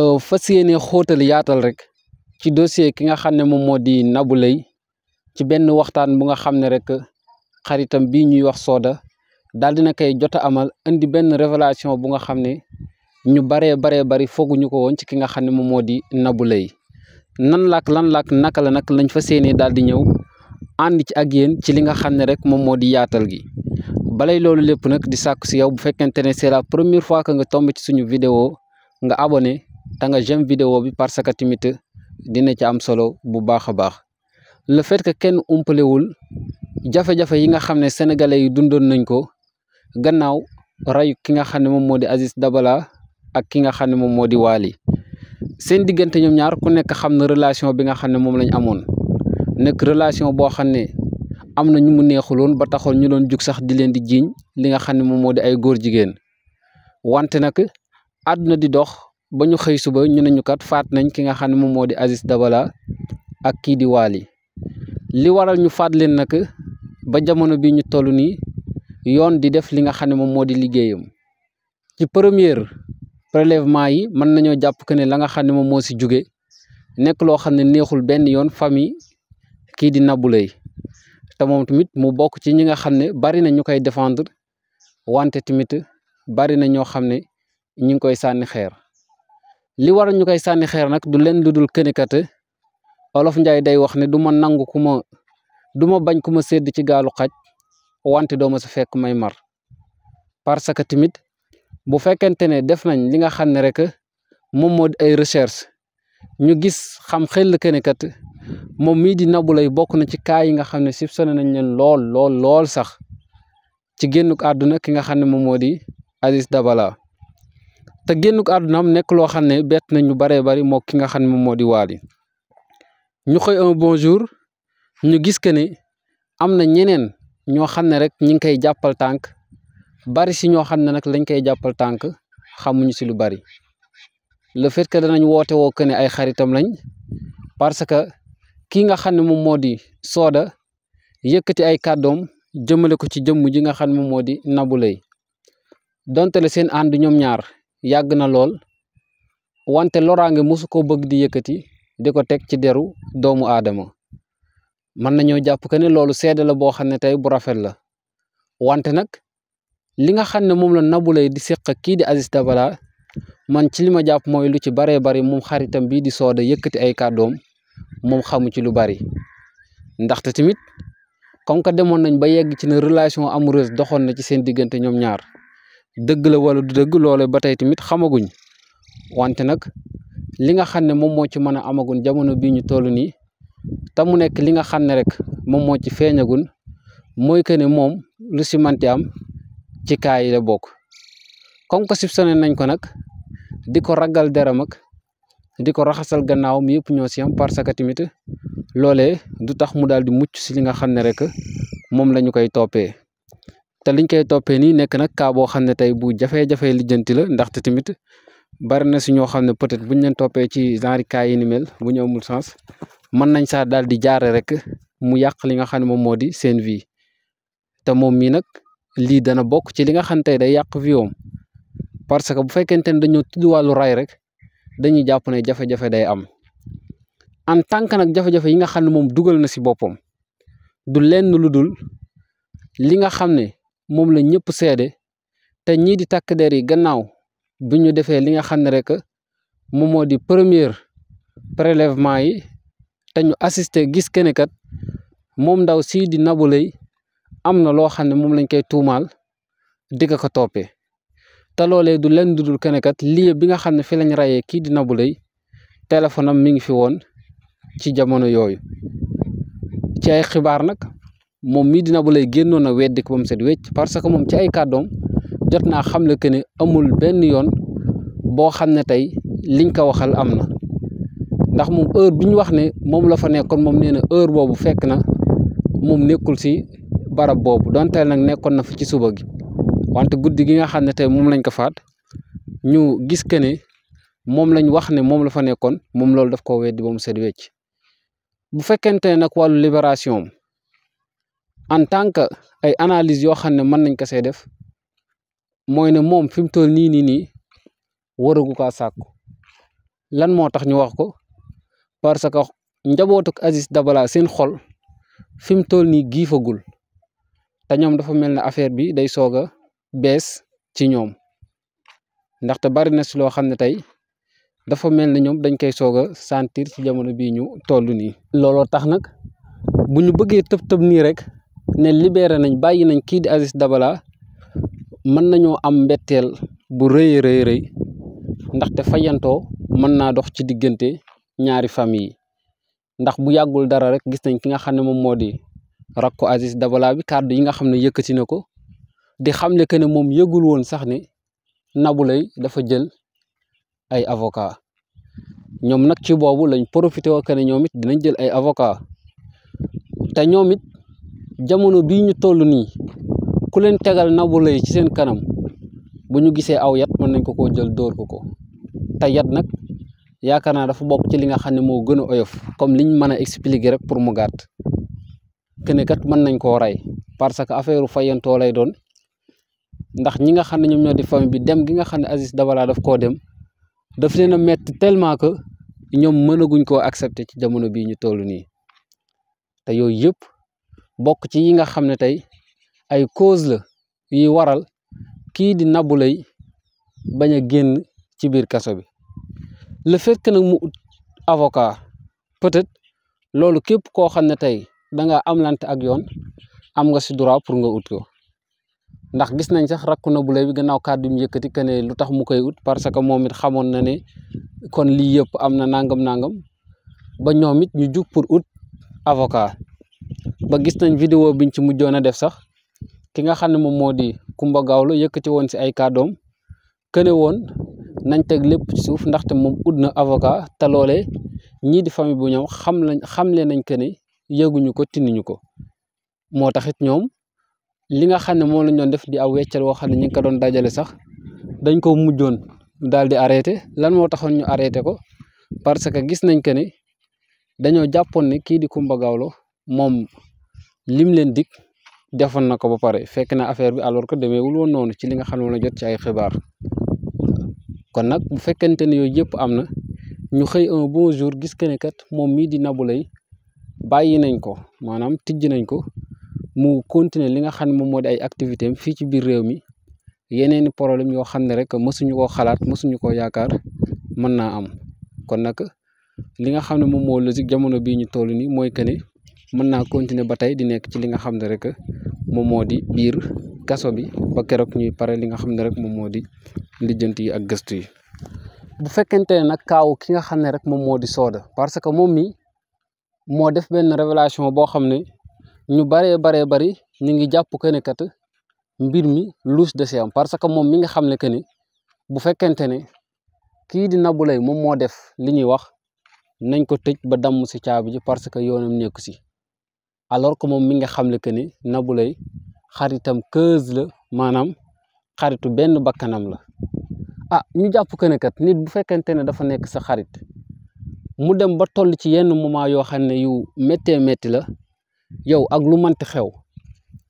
Euh, fas yéene xóotal yaatal rek ci dossier ki nga xam ne moom moo di Nabou Leye ci benn waxtaan bu nga xam ne rek xaritam bii ñuy wax sooda daal dina koy jot a amal indi benn révélation bu nga xam ne ñu baree bare bari fooguñu ko woon ci ki nga xam ne moom moo di Nabou Leye nan laak lan laak naka la nag lañ fa séenee daal di ñëw ànd ci ak yéen ci li nga xam ne rek moom moo di yaatal gi balay loolu lépp nag di sàkku si yow bu fekkente ne c'est la première fois que nga tombe ci suñu vidéo nga abonné te nga j'aime vidéo bi parce que tamit dina ci am solo bu baax a baax le fait que kenn umpalewul jafe-jafe yi nga xam ne sénégalais yi dundoon nañ ko gannaaw rayu ki nga xam ne moom moo di Aziz Dabala ak ki nga xam ne moom moo di Wally seen diggante ñoom ñaar ku nekk xam na relation bi nga xam ne moom lañ amoon nekk relation boo xam ne am na ñu mu neexuloon ba taxoon ñu doon jug sax di leen di jiiñ li nga xam ne moom moo di ay góor jigéen wante nag àdduna di dox ba ñu xëy suba ñu ne ñu kat faat nañ ki nga xam ne moom moo di Aziz Dabala ak kii di Waly li waral ñu faat leen nag ba jamono bi ñu toll nii yoon di def li nga xam ne moom moo di liggéeyam ci premier prélèvement yi mën nañoo jàpp que ne la nga xam ne moom moo si jóge nekk loo xam ne neexul benn yoon famille kii di Nabou Leye te moom tamit mu bokk ci ñi nga xam ne bari na ñu koy defendre wante tamit bari na ñoo xam ne ñu ngi koy sànni xeer li waral ñu koy sànni xeer nag du leen lu dul kënikat olof njay day wax ne du ma nangu ku ma du ma bañ ku ma sédd ci gaalu xaj wante doo ma su fekk may mar parce que tamit bu fekkente ne def nañ li nga xam ne rek moom moo di ay recherche ñu gis xam xel kënikat moom mii di Nabou Leye bokk na ci kaa yi nga xam ne sib sone nañ leen lool lool sax ci génnuk àdduna ki nga xam ne moom moo di Aziz Dabala te génnuk àddunaam nekk loo xam ne bett nañ lu baree bari moo ki nga xam ne moom moo di Wally ñu xëy un bonjour ñu gis que ne am na ñeneen ñoo xam ne rek ñi ngi koy jàppal tànk bari si ñoo xam ne nag lañ koy jàppal tànk xamuñu si lu bari le fait que danañ woote woo que ne ay xaritam lañ parce que kii nga xam ne moom moo di Soda yëkkati ay kàddoom jëmale ko ci jëmm ji nga xam ne moom moo di Nabou Leye seen ànd ñoom ñaar yàgg na lool wante loraange mosu ko bëgg di yëkkati di ko teg ci deru doomu aadama mën nañoo jàpp que ne loolu seede la boo xam ne tey bu rafet la wante nag li nga xam ne moom la nabu Leye di séq kii di Aziz Dabala man ci li ma jàpp mooy lu ci baree bari moom xaritam bii di Soda yëkkati ay kàddoom moom xamu ci lu bari ndaxte tamit comme que demoon nañ ba yegg ci ne relation amoureuse doxoon na ci seen diggante ñoom ñaar dëgg la wala du dëgg loole ba tey tamit xamaguñ wante nag li nga xam ne moom moo ci mën a amaguñ jamono bii ñu toll nii te mu nekk li nga xam ne rek moom moo ci feeñagun mooy que ne moom lu si manti am ci kaa la bokk comme que soupçonné nañ ko nag di ko ragal deram ak di ko raxasal gannaawam yëpp ñoo si am parce que tamit loole du tax mu daal di mucc si li nga xam ne rek moom lañu koy toppee te liñ koy toppee nii nekk nag cas boo xam ne tey bu jafe-jafe lijjanti la ndaxte tamit bari na si ñoo xam ne peut-être buñ leen toppee ci genre cas yi ni mel bu ñu amul sens mën nañ saa daal di jaare rek mu yàq li nga xam ne moom moo di seen vie te moom mii nag lii dana bokk ci li nga xam day yàq vie parce que bu fekkente ne dañoo tudd wàllu ray rek dañuy jàpp ne jafe day am en tant que nag jafe yi nga xam ne moom dugal na si boppam du lenn lu dul li nga xam ne moom lañ ñëpp seede te ñii di takk der yi gannaaw bi ñu defee li nga xam ne rek moom moo di première prélèvement yi te ñu assisté gis kenn moom ndaw sii di Nabou Leye am na loo xam ne moom lañ koy tuumaal di ko ko toppee te loolee du leen du dul kat lii bi nga xam ne fi lañ reyee kii di Nabou Leye téléphone am mi ngi fi woon ci jamono yooyu ci ay xibaar nag moom mii dina bu lay génnoon a weddi ko ba mu set wecc parce que moom ci ay kàddoom jot naa xam le que ne amul benn yoon boo xam ne tey liñ ko waxal am na ndax moom heure bi ñu wax ne moom la fa nekkoon moom nee na heure boobu fekk na moom nekkul si barab boobu donte nag nekkoon na fa ci suba gi wante guddi gi nga xam ne tey moom lañ ko faat ñu gis que ne moom lañ wax ne moom la fa nekkoon moom loolu daf koo weddi ba mu set wecc bu fekkente ne nag wàllu libération en tant que ay analyse yoo xam ne mën nañ ko see def mooy ne moom fi mu toll nii nii nii waragu kaa sàkku lan moo tax ñu wax ko parce que njabootuk Aziz Dabala seen xol fi mu toll nii giifagul te ñoom dafa mel ne affaire bi day soog a bees ci ñoom ndaxte bari na si loo xam ne tey dafa mel ne ñoom dañ koy soog a sentir ci jamono bii ñu toll nii. looloo tax nag bu ñu bëggee tëb tëb nii rek. ne libéré nañ bàyyi nañ kii di Aziz Dabala mën nañoo am mbetteel bu rëy rëy rëy ndaxte fayantoo mën naa dox ci diggante ñaari famille yi ndax bu yàggul dara rek gis nañ ki nga xam ne moom moo di rakku Aziz Dabala bi kàddu yi nga xam ne yëkkati na ko di xamle que ne moom yëgul woon sax ne Nabou lay dafa jël ay avocat ñoom nag ci boobu lañ profité que ne ñoom it dinañ jël ay avocat te ñoom jamono bii ñu toll nii ku leen tegal Nabou Leye ci seen kanam bu ñu gisee aw yat mën nañ ko ko jël dóor ko ko te yat nag yaakaar naa dafa bokk ci li nga xam ne moo gën a oyof comme liñ mën a expliquer rek pour mu gàtt kene kat mën nañ koo rey parce que affaire fayantoo lay doon ndax ñi nga xam ne ñoom ñoo di famille bi dem gi nga xam ne Aziz Dabala daf koo dem daf leen a metti tellement que ñoom mënaguñ ko accepter ci jamono bii ñu toll nii te yooyu yëpp. bokk ci yi nga xam ne tey ay cause la yuy waral kii di nabu Leye bañ a génn ci biir kaso bi le fait que nag mu ut avocat peut-être loolu képp koo xam ne tey da nga amlante ak yoon am nga si droit pour nga ut ko ndax gis nañ sax rakku Nabou Leye bi gannaaw kàddu mu yëkkati que lu tax mu koy ut parce que moom it xamoon na ne kon lii yëpp am na nangam nangam ba ñoom it ñu jug pour ut avocat ba gis nañ vidéo biñ ci mujjoon a def sax ki nga xam ne moom moo di Kumba Gawlo yëkkati woon si ay kàddoom këne woon nañ teg lépp ci suuf ndaxte moom ut na avocat te loole ñii di famille bu ñoom xam lañ xamle nañ que ne yëguñu ko tinnuñu ko moo taxit ñoom li nga xam ne moom lañ doon def di aw weccal woo xam ne ñu ngi ko doon dajale sax dañ ko mujjoon daal di arrêté lan moo taxoon ñu arrêté ko parce que gis nañ que ne dañoo jàppoon ne kii di Kumba Gawlo moom lim leen dikk defoon na ko ba pare fekke na affaire bi alors que demee woon noonu ci li nga xam ne la jot ci ay nag bu fekkente ne yooyu yëpp am na ñu xëy un bon jour gis que moom mii di Nabou Leye bàyyi nañ ko maanaam tijji nañ ko mu continuer li nga xam moom moo di ay activité fii ci biir réew mi yeneen problème yoo xam ne rek mësuñu koo xalaat mësuñu koo yaakaar mën naa am kon nag li nga xam ne moom moo logique jamono bii ñu toll nii mooy que ne mën naa continuer ba tey di nekk ci li nga xam ne rek moom moo di biir kaso bi ba keroog ñuy pare li nga xam ne rek moom moo di lijjanti yi ak gëstu yi. bu fekkente nag kaaw ki nga xam ne rek moom moo di sooda parce que moom mi moo def benn révélation boo xam ne ñu baree baree bari ñu ngi jàpp que ne kat mbir mi luus de am parce que moom mi nga xam ne que ni bu fekkente ne kii di Nabou Leye moom moo def li ñuy wax nañ ko tëj ba damm si caabi ji parce que yoonam nekku si. alors moom mi nga xam ne que ni Nabou Leye xaritam keuse la maanaam xaritu benn bakkanam la ah ñu jàpp que ne kat nit bu fekkente ne dafa nekk sa xarit mu dem ba toll ci yenn moment yoo xam ne yu méttee métti la yow ak lu mënti xew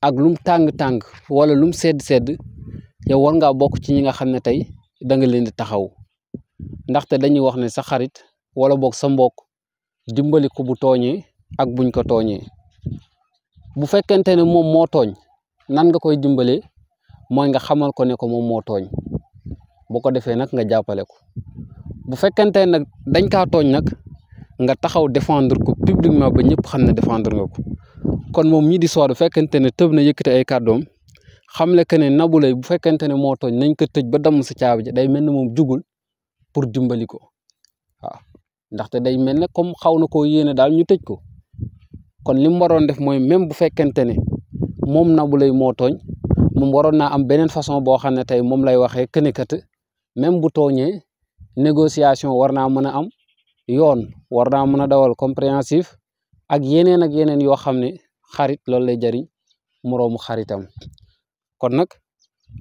ak lum tàng-tàng wala lum sedd-sedd yow war ngaa bokk ci ñi nga xam ne tey da nga leen di taxaw ndaxte dañuy wax ne sa xarit wala boog sa mbokk dimbali ko bu tooñee ak buñ ko tooñee bu fekkente ne moom moo tooñ nan nga koy dimbale mooy nga xamal ko ne ko moom moo tooñ bu ko defee nag nga jàppale ko bu fekkente nag dañ kaa tooñ nag nga taxaw defendre ko publiquement ba ñëpp xam ne defendre nga ko kon moom mii di soir bu fekkente ne tëb na yëkkati ay kàddoom xam le que ne nabu Leye bu fekkente ne moo tooñ nañ ko tëj ba damm sa caabi ji day mel ne moom jugul pour dimbali ko waaw ndaxte day mel ne comme xaw na ko yéene daal ñu tëj ko kon li mu waroon def mooy même bu fekkente ne moom Nabou Leye moo tooñ moom waroon naa am beneen façon boo xam ne tey moom lay waxee kënekat même bu tooñee négociation war naa mën a am yoon war naa mën a dawal compréhensif ak yeneen ak yeneen yoo xam ne xarit loolu lay jëriñ moroomu xaritam kon nag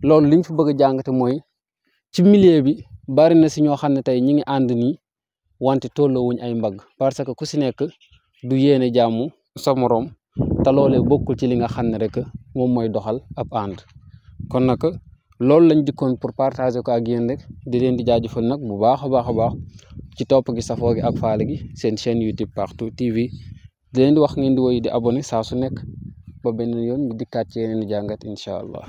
loolu liñ fi bëgg a jàngate mooy ci milieu bi bari na si ñoo xam ne tey ñi ngi ànd nii wante tolloo wuñ ay mbagg parce que ku si nekk du yéene jàmm sa moroom te loolee bokkul ci li nga xam ne rek moom mooy doxal ab ànd kon nag loolu lañ dikkoon pour partager ko ak yéen rek di leen di jaajëfal nag bu baax a baax a baax ci topp gi safoo gi ak faale gi seen chaîne YouTube Partout TV di leen di wax ngeen di woy di abonné saa su nekk ba benn yoon ñu dikkaat ci yeneen jàngat incha allah